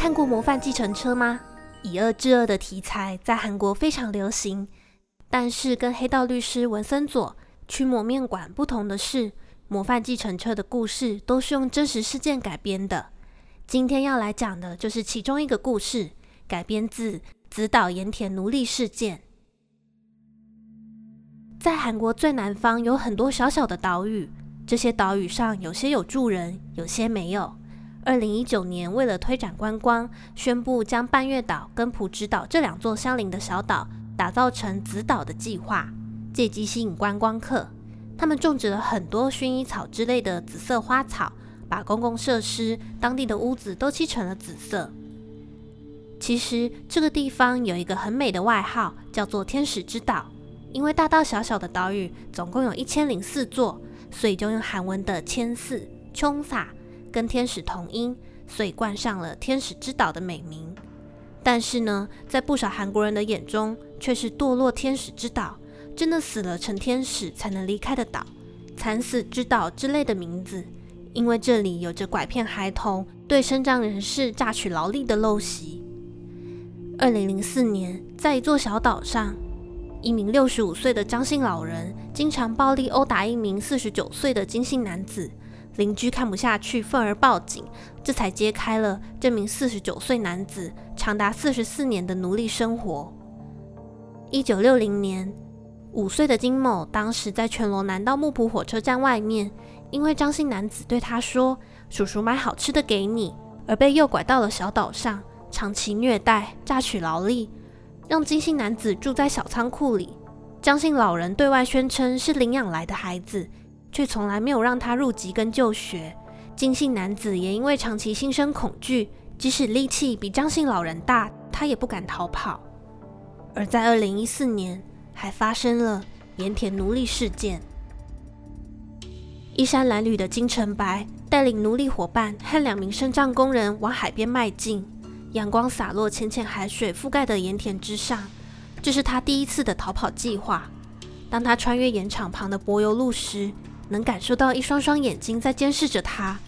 看過《模範計程車》嗎？以惡制惡的題材在韓國非常流行，但是跟《黑道律師文森佐》《驅魔面館》不同的是，《模範計程車》的故事都是用真實事件改編的。今天要來講的就是其中一個故事，改編自紫島鹽田奴隸事件。在韓國最南方有很多小小的島嶼，這些島嶼上有些有住人，有些沒有。二零一九年，為了推展觀光，宣布將半月島跟普之島這兩座相鄰的小島打造成紫島的計劃，借機吸引觀光客。他們種植了很多薰衣草之類的紫色花草，把公共設施、當地的屋子都漆成了紫色。其實這個地方有一個很美的外號，叫做天使之島，因為大大小小的島嶼總共有一千零四座，所以就用韓文的千四（천사）。跟天使同音，所以冠上了“天使之島”的美名。但是呢，在不少韓國人的眼中，卻是墮落天使之島，真的死了成天使才能離開的島，慘死之島之類的名字。因為這裡有着拐騙孩童、對身障人士榨取勞力的陋習。二零零四年，在一座小島上，一名六十五歲的張姓老人經常暴力毆打一名四十九歲的金姓男子。鄰居看不下去，憤而報警，這才揭開了這名四十九歲男子長達四十四年的奴隸生活。一九六零年，五歲的金某當時在全羅南道木浦火車站外面，因為張姓男子對他說“叔叔買好吃的給你”，而被誘拐到了小島上，長期虐待、榨取勞力，讓金姓男子住在小倉庫裡。張姓老人對外宣稱是領養來的孩子。卻從來沒有讓他入籍跟就學。金姓男子也因為長期心生恐懼，即使力氣比張姓老人大，他也不敢逃跑。而在二零一四年，還發生了鹽田奴隸事件。衣衫襤褸的金城白帶領奴隸夥伴和兩名身障工人往海邊邁進，陽光灑落淺淺海水覆蓋的鹽田之上，這是他第一次的逃跑計劃。當他穿越鹽場旁的柏油路時，能感受到一雙雙眼睛在監視着他。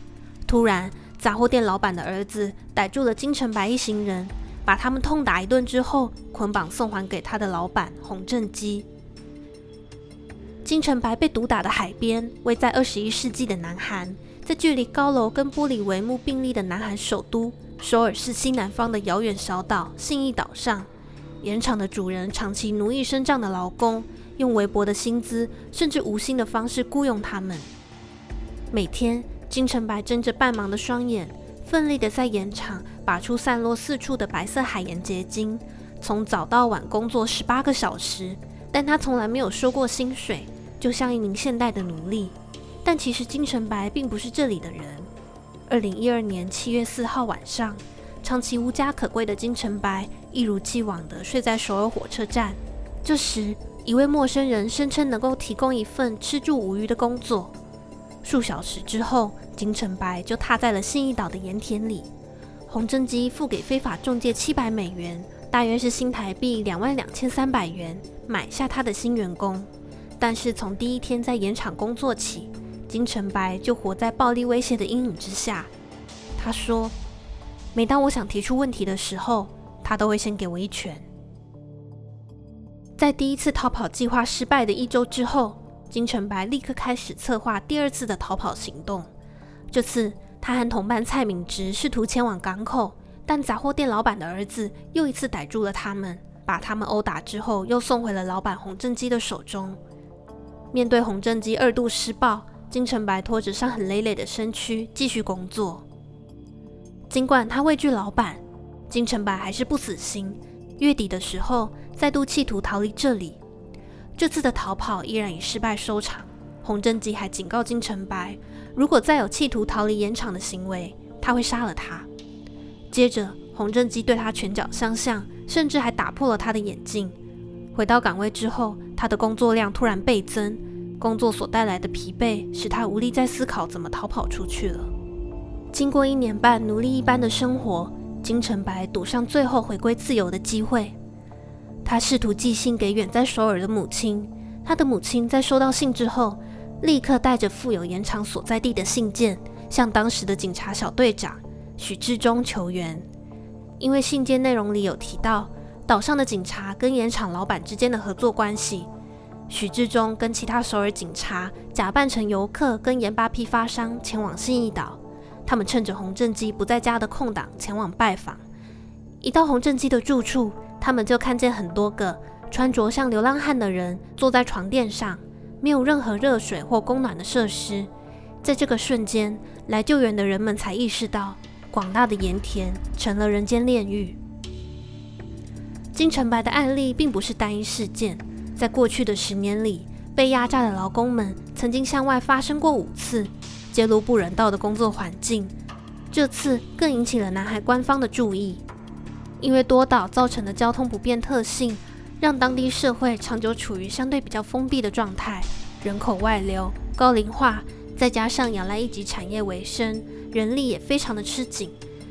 突然，雜貨店老板的兒子逮住了金城白一行人，把他們痛打一頓之後，捆綁送還給他的老板洪正基。金城白被毒打的海邊，位在二十一世紀的南韓，在距離高樓跟玻璃帷幕並立的南韓首都首爾市西南方的遙遠小島信義島上，鹽場的主人長期奴役身障的勞工。用微薄的薪資，甚至無薪的方式雇傭他們。每天，金城白睜着半盲的雙眼，奮力地在鹽場拔出散落四處的白色海鹽結晶，從早到晚工作十八個小時。但他從來沒有收過薪水，就像一名現代的奴隸。但其實，金城白並不是這裡的人。二零一二年七月四號晚上，長期無家可歸的金城白，一如既往地睡在首爾火車站。這時，一位陌生人聲稱能夠提供一份吃住無憂的工作。數小時之後，金城白就踏在了新義島的鹽田裡。洪真基付給非法中介七百美元，大約是新台幣兩萬兩千三百元，買下他的新員工。但是從第一天在鹽場工作起，金城白就活在暴力威脅的陰影之下。他說：“每當我想提出問題的時候，他都會先給我一拳。”在第一次逃跑計劃失敗的一周之後，金城白立刻開始策劃第二次的逃跑行動。這次，他和同伴蔡敏植試圖前往港口，但雜貨店老板的兒子又一次逮住了他們，把他們毆打之後，又送回了老板洪正基的手中。面對洪正基二度施暴，金城白拖着傷痕累累的身軀繼續工作。儘管他畏懼老板，金城白還是不死心。月底的時候，再度企圖逃離這裡。這次的逃跑依然以失敗收場。洪振基還警告金城白，如果再有企圖逃離鹽場的行為，他會殺了他。接着，洪振基對他拳腳相向，甚至還打破了他的眼鏡。回到崗位之後，他的工作量突然倍增，工作所帶來的疲憊使他無力再思考怎麼逃跑出去了。經過一年半奴隸一般的生活，金城白賭上最後回歸自由的機會，他試圖寄信給遠在首爾的母親。他的母親在收到信之後，立刻帶着附有鹽場所在地的信件，向當時的警察小隊長許志忠求援。因為信件內容裡有提到島上的警察跟鹽廠老闆之間的合作關係，許志忠跟其他首爾警察假扮成遊客，跟鹽巴批發商前往信義島。他們趁着洪振基不在家的空檔前往拜訪。一到洪振基的住處，他們就看見很多個穿着像流浪漢的人坐在床墊上，沒有任何熱水或供暖的設施。在這個瞬間，來救援的人們才意識到，廣大的鹽田成了人間煉獄。金城白的案例並不是單一事件，在過去的十年裡，被壓榨的勞工們曾經向外發生過五次。揭露不人道的工作環境，這次更引起了南韓官方的注意。因為多島造成的交通不便特性，讓當地社會長久處於相對比較封閉的狀態，人口外流、高齡化，再加上仰賴一級產業為生，人力也非常的吃緊，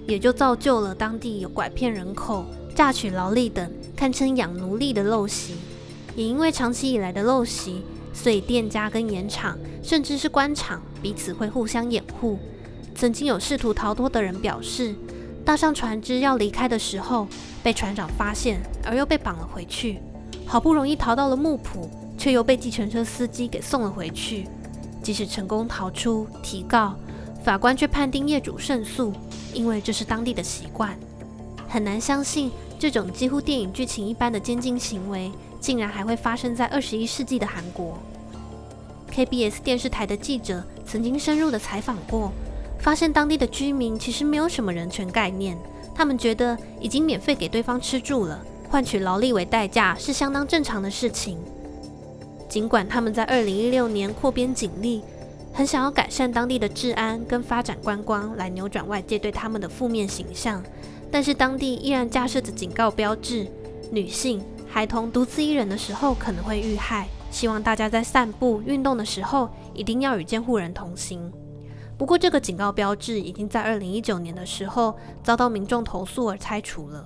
也就造就了當地有拐騙人口、榨取勞力等堪稱養奴隸的陋習。也因為長期以來的陋習。所以，店家跟鹽場甚至是官場，彼此會互相掩護。曾經有試圖逃脫的人表示，搭上船隻要離開的時候，被船長發現，而又被綁了回去。好不容易逃到了木浦，卻又被計程車司機給送了回去。即使成功逃出，提告法官卻判定業主勝訴，因為這是當地的習慣。很難相信這種幾乎電影劇情一般的監禁行為竟然還會發生在二十一世紀的韓國。KBS 電視台的記者曾經深入的採訪過，發現當地的居民其實沒有什麼人權概念，他們覺得已經免費給對方吃住了，換取勞力為代價是相當正常的事情。儘管他們在二零一六年擴編警力，很想要改善當地的治安跟發展觀光來扭轉外界對他們的負面形象，但是當地依然架設着警告標誌，女性。孩童獨自一人的時候可能會遇害，希望大家在散步、運動的時候一定要與監護人同行。不過，這個警告標誌已經在2019年的時候遭到民眾投訴而拆除了。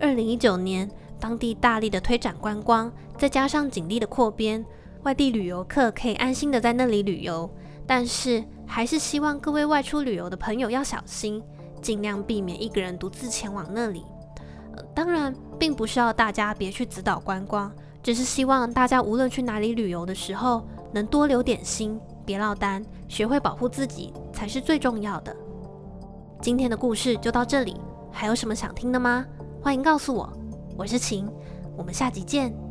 2019年，當地大力的推展觀光，再加上警力的擴編，外地旅遊客可以安心的在那裡旅遊。但是，還是希望各位外出旅遊的朋友要小心，盡量避免一個人獨自前往那裡。當然，並不是要大家別去紫島觀光，只是希望大家無論去哪裡旅遊的時候，能多留點心，別落單，學會保護自己才是最重要的。今天的故事就到這裡，還有什麼想聽的嗎？歡迎告訴我，我是晴，我們下集見。